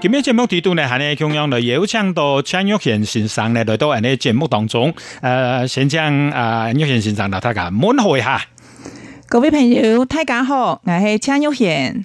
今日節目度呢係呢中樣度，有請到陳玉賢先生來到我哋節目當中。呃，先請啊，陳玉賢先生啦，大家問候一下。各位朋友，大家好，我係陳玉賢。請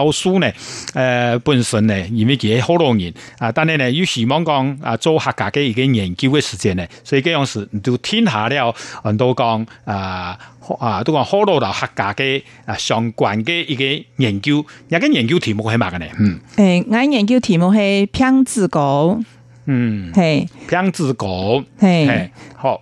讀書呢，誒本身呢，因為佢係好多人啊，但係呢，有希望講啊做客家嘅一個研究嘅時間呢，所以嗰樣事就天下了，有人都講啊啊，都講好多啦，客家嘅啊相關嘅一個研究，而家研究題目係乜嘅呢？嗯，誒、欸，我研究題目係病子歌，嗯，係病子歌，係好。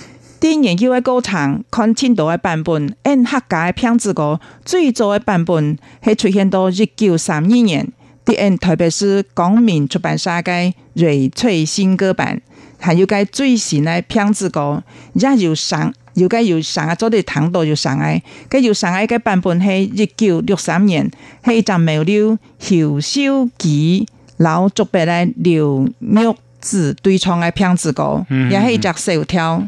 對研究嘅過程，看青島嘅版本，按客家嘅病子歌最早嘅版本係出現到一九三二年，對，按特別是台北市光明出版社嘅《瑞翠新歌版》，還有個最新嘅病子歌，也有上，有該有上做滴糖多有上誒，佮有上誒，版本係一九六三年，一讚美了喬小吉老作別咧劉妙子對唱嘅病子歌，嗯嗯也是隻小調。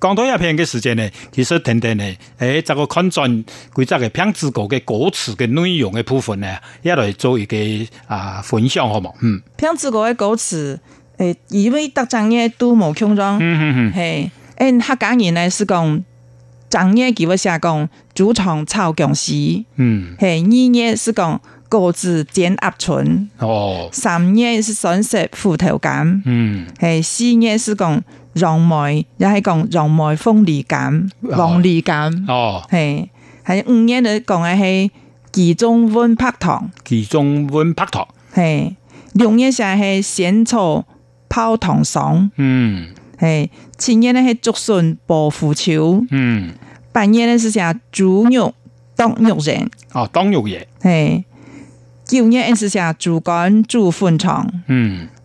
講到一篇嘅時間呢，其實等等呢，誒，整整個國國做個看轉規只嘅《病子歌》嘅歌詞嘅內容嘅部分呢，也來做一個啊分享，好冇？嗯，《病子歌》嘅歌詞，誒，以為打仗嘢都冇強壯，嗯嗯嗯，係，誒，客家人呢，是講，正月幾月下工豬腸炒薑絲，嗯，係二月是講韭菜炒鴨春，哦，三月是酸澀虎頭柑，嗯，係四月是講。楊梅也係講楊梅風梨乾、黃梨乾，哦，係，係五月咧講嘅係其中溫白糖，其中溫白糖，係六月食係仙草泡糖霜，嗯，係七月咧係竹筍薄腐球，嗯，八月咧是食豬肉當肉人，哦當肉嘢，係九月又是食豬肝豬粉腸，嗯。